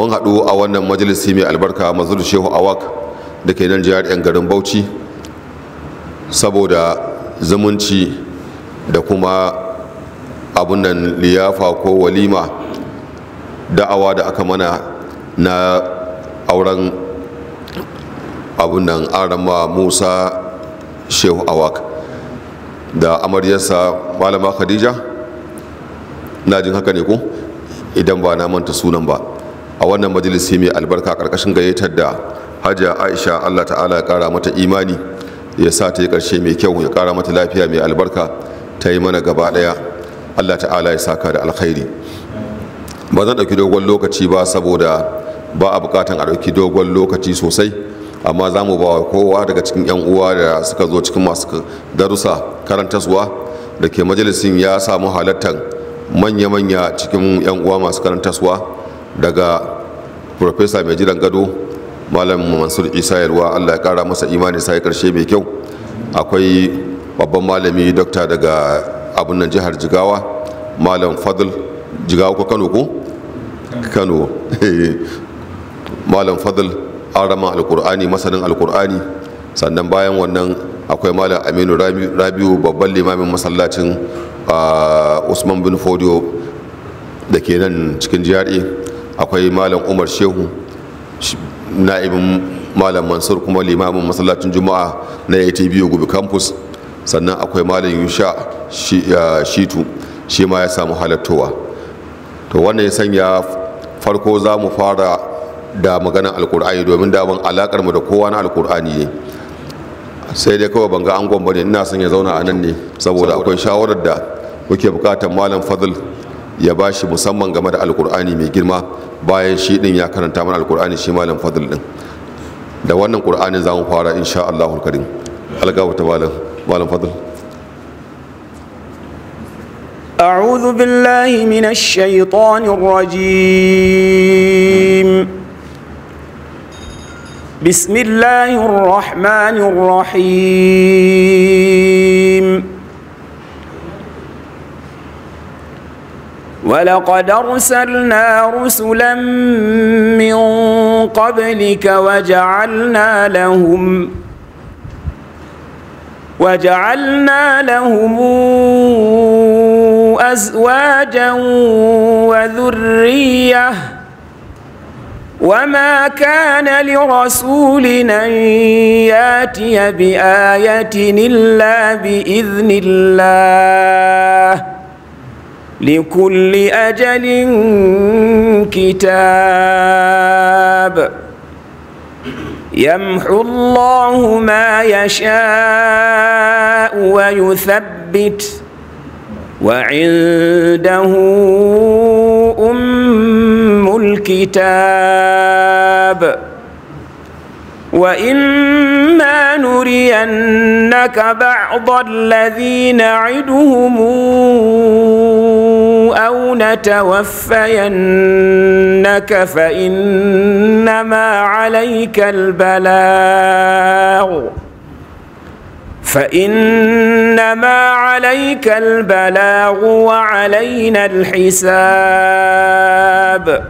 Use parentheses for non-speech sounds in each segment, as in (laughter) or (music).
mun haɗu a wannan majalisi mai albarka mazuru shehu awak da ke nan jihar 'yan garin bauchi saboda zumunci da kuma abunan liyafa ko walima da'awa da aka mana na auren abunan arama musa shehu awak da amaryarsa malama khadija na jin haka ne ku idan ba na manta sunan ba a wannan majalisi mai albarka karkashin gayyatar da hajiya aisha allah ta'ala ya kara mata imani ya sa ta yi karshe mai kyau ya kara mata lafiya mai albarka ta yi mana gaba daya allah ta'ala ya saka da alkhairi ba zan ɗauki dogon lokaci ba saboda ba a bukatan a ɗauki dogon lokaci sosai amma za mu ba kowa daga cikin 'yan uwa da suka zo cikin masu darussa karantaswa da ke majalisin ya samu halartar manya-manya cikin 'yan uwa masu karantaswa daga profesa mai jiran gado malam mansur isa yalwa allah ya kara masa imani sai karshe mai kyau akwai babban malami dokta daga abin nan jihar jigawa malam fadl jigawa ko kano ko kano (laughs) malam fadl arama alkur'ani masanin alkur'ani sannan bayan wannan akwai malam aminu rabiu babban limamin masallacin ah, usman bin fodio da ke nan cikin jihar akwai malam umar shehu na'ibin malam mansur kuma limamin masallacin juma'a na atb gobe campus sannan akwai malam yusha shitu shi ma ya samu halattowa to wannan ya sanya farko za mu fara da maganar alkur'ani domin daman alakar mu da kowa na alkur'ani ne sai dai kawai banga an gwamba ne ina son ya zauna a nan ne saboda akwai shawarar da muke bukatar malam fadl ya ba shi musamman game da alkur'ani mai girma bayan shi din ya karanta mana alkur'ani shi malam fadl din da wannan qur'anin za mu fara insha Allahu karim algawa ta malam malam fadl أعوذ بالله من الشيطان الرجيم بسم الله الرحمن الرحيم ولقد أرسلنا رسلا من قبلك وجعلنا لهم وجعلنا لهم أزواجا وذرية وما كان لرسول أن ياتي بآية إلا بإذن الله لكل أجل كتاب يمحو الله ما يشاء ويثبت وعنده أم الكتاب وإما نرينك بعض الذي نعدهم أو نتوفينك فإنما عليك البلاغ فإنما عليك البلاغ وعلينا الحساب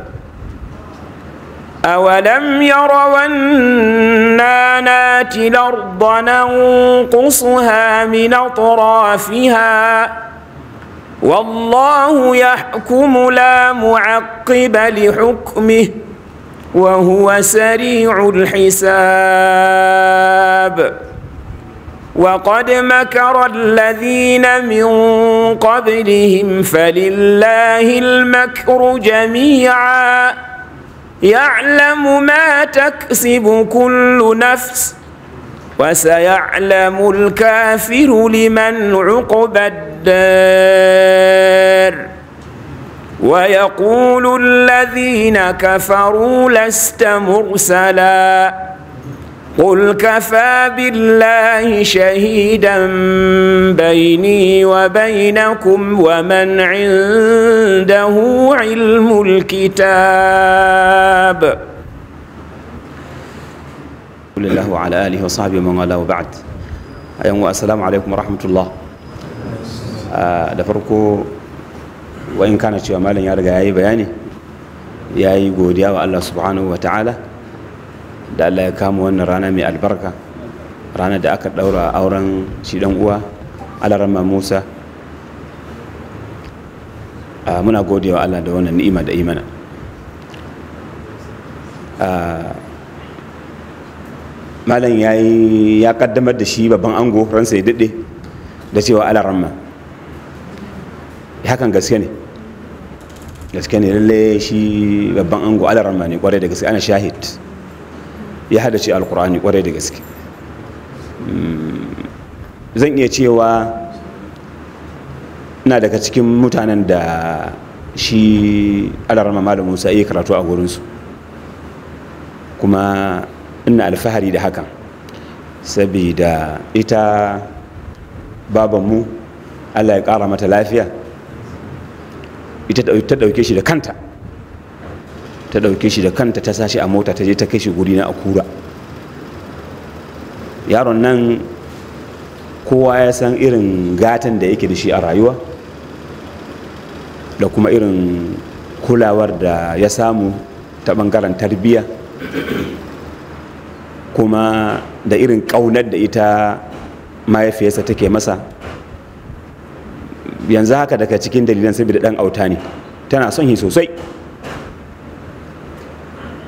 أولم يرون زينت الأرض ننقصها من أطرافها والله يحكم لا معقب لحكمه وهو سريع الحساب وقد مكر الذين من قبلهم فلله المكر جميعا يعلم ما تكسب كل نفس وسيعلم الكافر لمن عقب الدار ويقول الذين كفروا لست مرسلا قل كفى بالله شهيدا بيني وبينكم ومن عنده علم الكتاب rasulillah wa ala alihi wa sahbihi man wala wa ba'd ayan wa assalamu alaikum rahmatullah ah, da farko wa in kana cewa malam ya riga yayi bayani yayi godiya wa Allah subhanahu wa ta'ala da Allah ya kama wannan rana mai albarka rana da aka daura auren shi dan uwa alarama Musa ah, muna godewa Allah da wannan ni'ima da imana malam ya yi ya kaddamar da shi babban ango ransa ya daɗe da cewa ya hakan gaske ne gaske ne lalle shi babban ango ramma ne kwarai da gaske ana shahid ya hada ce alkur'ani kwarai da gaske hmm. zan iya cewa na daga cikin mutanen da shi alarama malam musa iya karatu a gurinsu kuma ina alfahari da hakan saboda ita babanmu allah ya ƙara mata lafiya ita ta ɗauke shi da kanta ta dauke shi da kanta ta sashi a mota ta je ta kai shi guri na akura yaron nan kowa ya san irin gatan da yake da shi a rayuwa da kuma irin kulawar da ya samu ta ɓangaren tarbiyya kuma da irin ƙaunar da ita mahaifiyarsa take masa yanzu haka daga cikin dalilan saboda ɗan auta ne tana son shi sosai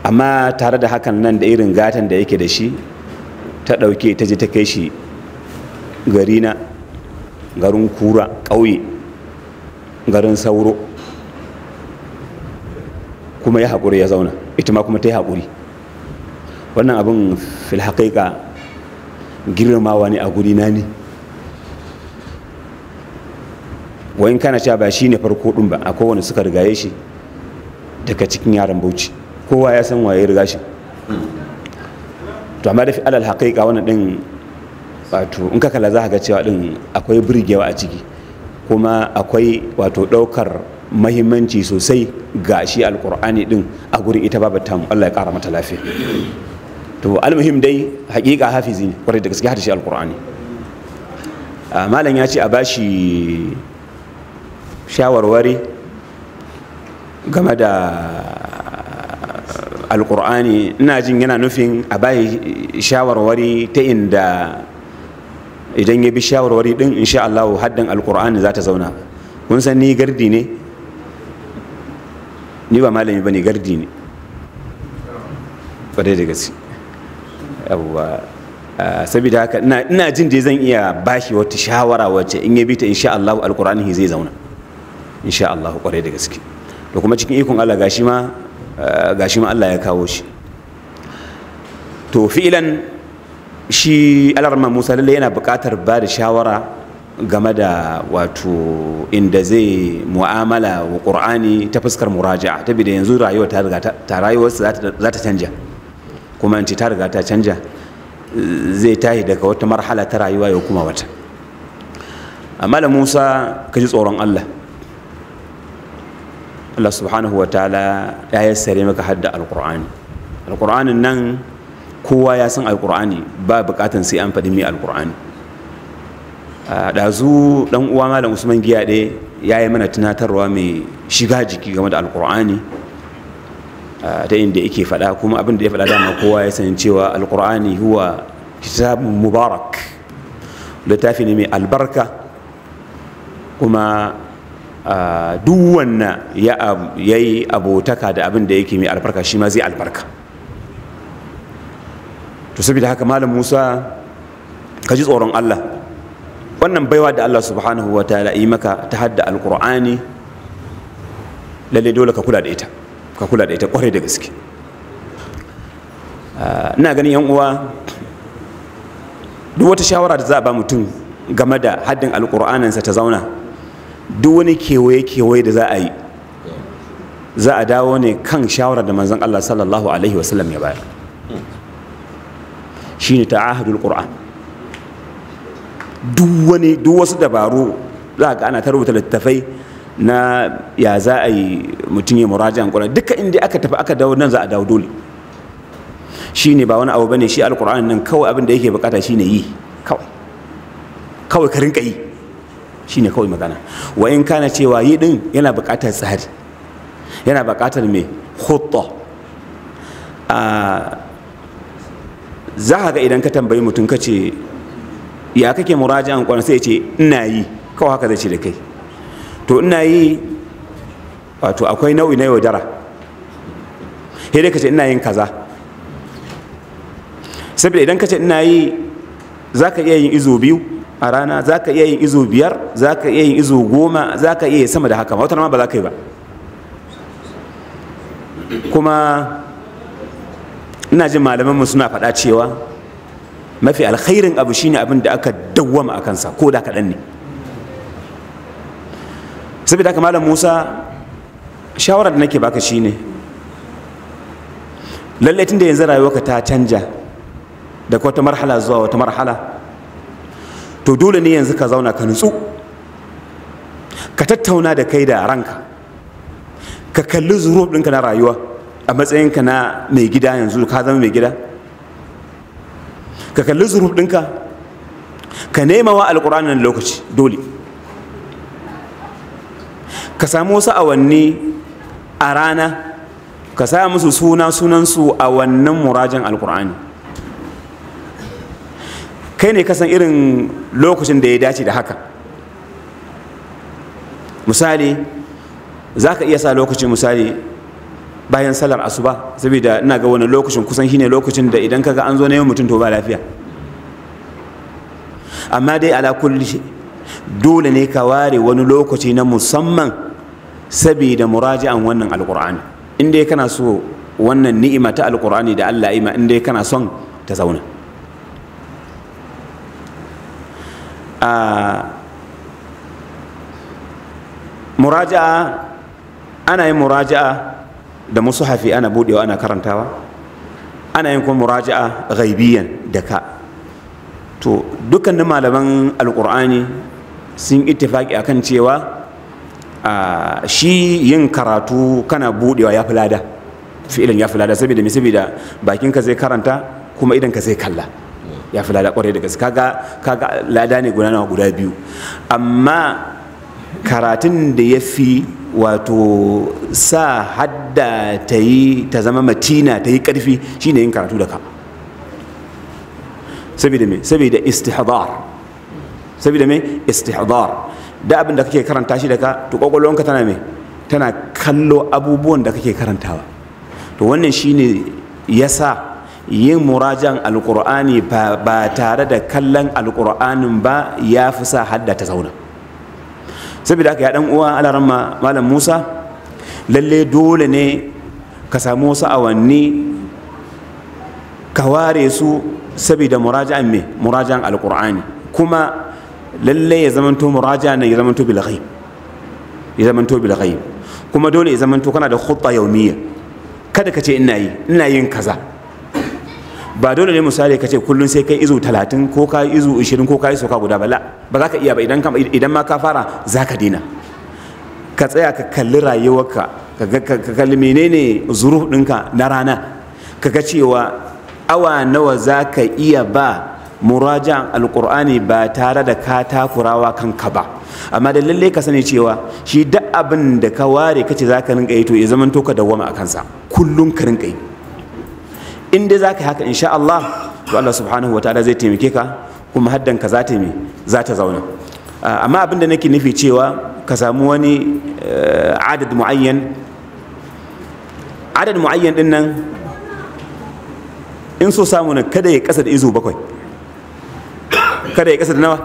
amma tare da hakan nan da irin gatan da yake da shi ta ɗauke ta je ta kai shi gari na garin kura ƙauye garin sauro kuma ya haƙuri ya zauna ita ma kuma ta yi haƙuri wannan abin fil girmawa ne a gudina ne wani kana cewa ba shi ne farko ɗin ba a wani suka rigaye shi daga cikin yaran bauchi kowa ya san waye riga shi to amma da fi alal haƙiƙa wannan ɗin wato in ka kala za ga cewa ɗin akwai birgewa a ciki kuma akwai wato ɗaukar mahimmanci sosai ga shi alƙur'ani ɗin a gurin ita babu tamu allah ya ƙara mata lafiya to almuhim dai hakika hafizi ne kwarai da gaske hadisi alqur'ani ah, malam ya ce a bashi shawarwari game da alkur'ani ina jin yana nufin a bayi shawarwari ta inda idan ya bi shawarwari din insha Allah haddan alkur'ani za ta zauna kun san ni gardi ne ni ba malami ba ne gardi ne fadai da gaske yawwa ah, saboda haka ina jin da zan iya bashi wata shawara wacce in ya bi ta insha Allah alqur'ani zai zauna insha Allah kwarai da gaske da kuma cikin ikon Allah gashi ma ah, ma Allah ya kawo shi to fi'ilan shi alarma Musa lalle yana buƙatar ba da shawara game da wato inda zai mu'amala wa ƙur'ani ta fuskar muraja'a ta bi da yanzu rayuwa ta riga rayuwarsa za ta canja kuma in ce ta riga ta canja zai tahi daga wata marhala ta rayuwa ya kuma wata amma da musa ka ji tsoron allah allah subhanahu wa ta'ala ya yassare maka hadda alkur'ani alkur'anin nan kowa ya san alkur'ani ba bukatan sai an faɗi mai alkur'ani ɗazu ɗan uwa malam usman Giyade ya yi mana tunatarwa mai shiga jiki game da alkur'ani Ah, ta inda yake faɗa kuma abin da ya faɗa dama kowa ya san cewa alkur'ani huwa kitabun mubarak littafi ne mai albarka kuma ah, duk ya yi abotaka da abin da yake mai albarka shi ma zai albarka to saboda haka malam musa ka ji tsoron allah wannan baiwa da allah subhanahu wa ta'ala yi maka ta hadda alkur'ani lalle dole ka kula da ita ka kula da ita kwarai da gaske ah, ina ganin yan uwa duk wata shawara da za a ba mutum game da haddin alƙur'aninsa ta zauna duk wani kewaye-kewaye da za a yi za a dawo ne kan shawarar da manzon Allah sallallahu alaihi wasallam ya bayar ta ta'ahadul qur'an duk wani duk wasu dabaru za ga ana ta rubuta littafai na ya za a yi mutum ya murajan ƙura duka inda aka tafi aka dawo nan za a dawo dole shi ne ba wani abu bane shi alƙur'anin nan kawai abin da yake bukata shi ne yi kawai kawai ka rinka yi shi ne kawai magana wa in kana cewa yi din yana bukatar tsari yana bukatar mai hutto za ka ga idan ka tambayi mutum ka ce ya kake murajan ƙura sai ya ce ina yi kawai haka zai ce da kai to ina yi wato akwai nau'i na yaudara sai dai ka ce ina yin kaza saboda idan ka ce ina yi za ka iya yin izo biyu a rana za ka iya yin izo biyar za ka iya yin izo goma za ka iya yi sama da haka wata ma ba za ka yi ba kuma ina jin malamanmu suna faɗa cewa mafi alkhairin abu shine abin da aka dawwama a kansa ko da kaɗan ne saboda haka malam musa shawara da nake baka shine lallai tunda yanzu rayuwa ka ta canja daga wata marhala zuwa wata marhala to dole ne yanzu ka zauna ka nutsu ka tattauna da kai da ranka ka kalli zuru ɗinka na rayuwa a matsayinka na mai gida yanzu ka zama mai gida ka kalli zuruf ɗinka ka nema wa alƙur'ani lokaci dole ka samu wasu awanni a rana ka sa musu suna sunansu a wannan murajin alkur'ani kai ne kasan irin lokacin da ya dace da haka misali za ka iya sa lokacin misali bayan salar asuba saboda ina ga wani lokacin kusan shine lokacin da idan kaga an zo na yau mutum to ba lafiya amma dai ala kulli dole ne ka ware wani lokaci na musamman saboda muraji'an wannan alkur'ani in kana so wannan ni'ima ta alkur'ani da Allah ima inda dai kana son ta zauna muraja'a ana yin muraja'a da musuhafi ana budewa ana karantawa ana yin kuma muraja'a ghaibiyan da ka to dukkanin malaman alkur'ani sun ittifaki akan cewa shi yin karatu kana budewa ya fi lada fi'ilin ya fi lada saboda me bakin bakinka zai karanta kuma idan ka zai kalla ya fi lada kwarai da gaske kaga kaga lada ne guda nawa guda biyu amma karatun da ya fi wato sa hadda ta yi ta zama matina ta yi karfi shine yin karatu da ka saboda me saboda istihdar saboda me istihdar da abin da kake karanta shi daga to kwakwalwanka tana mai tana kallo abubuwan da kake karantawa to wannan shine yasa yin murajan alkur'ani ba tare da kallon alkur'anin ba ya fi sa hadda ta zauna saboda haka ya dan uwa alaramma malam musa lalle dole ne ka samu wasu awanni ka ware su saboda murajan me murajan alkur'ani kuma lalle ya zamanto muraja ne ya zamanto bil ghaib ya zamanto bil ghaib kuma dole ya zamanto kana da khutta yawmiyya kada ka ce ina yi ina yin kaza ba dole ne misali ka ce kullum sai kai izu 30 ko ka izu 20 ko ka yi soka guda bala ba za ka iya ba idan idan ma ka fara za ka dina ka tsaya ka kalli rayuwarka ka kalli menene zuruf ɗinka na rana ka ga cewa awa nawa za ka iya ba murajan alkur'ani ba tare da ka takurawa kanka ba amma da lalle ka sani cewa shi duk abin da ka ware kace za ka rinka yi to ya zaman to ka dawwama a kansa kullum ka rinka yi in dai za ka haka insha Allah to Allah subhanahu wataala zai taimake ka kuma haddan ka za ta me za ta zauna ah, amma abin da nake nufi cewa ka samu wani eh, adad muayyan adad muayyan din nan in so samu ne kada ya kasa da izu bakwai kada ya kasa da nawa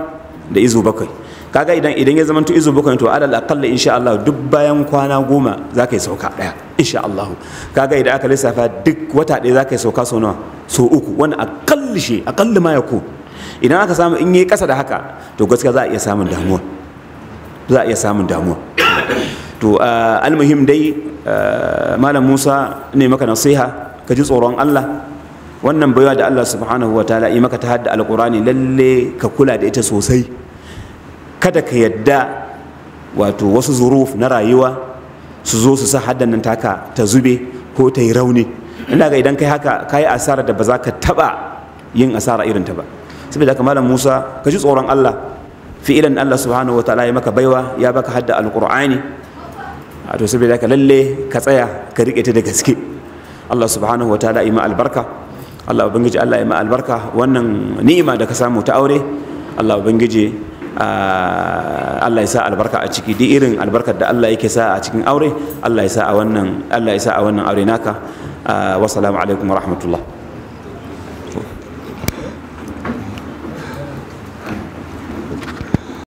da izu bakwai kaga idan idan ya zama izu bakwai to alal aqalla insha Allah duk bayan kwana goma za ka yi sauka daya insha Allah kaga idan aka lissafa duk wata ɗaya za ka yi sauka sau nawa so uku wani aqalli shi aqalli ma yakun idan aka samu in yi kasa da haka to gaskiya za a iya samun damuwa za a iya samun damuwa to ah, almuhim dai ah, malam Musa ne maka nasiha ka ji tsoron Allah wannan baiwa da Allah subhanahu wa ta'ala yi maka ta hadda alkur'ani lalle ka kula da ita sosai kada ka yadda wato wasu zuruf na rayuwa su zo su sa haddan nan taka ta zube ko ta yi rauni ina ga idan kai haka kai asara da ba za ka taba yin asara irin ta ba saboda haka malam Musa ka ji tsoron Allah fi'ilan Allah subhanahu wa ta'ala ya maka baiwa ya baka hadda alkur'ani wato saboda haka lalle ka tsaya ka riƙe ta da gaske Allah subhanahu wa ta'ala ima albarka Allah ubangiji Allah ya ma albarka wannan ni'ima da ka samu ta aure Allah ubangiji Allah ya sa albarka a ciki duk irin albarkar da Allah yake sa a cikin aure Allah ya sa a wannan Allah ya sa a wannan aure naka wa salamu alaikum wa rahmatullah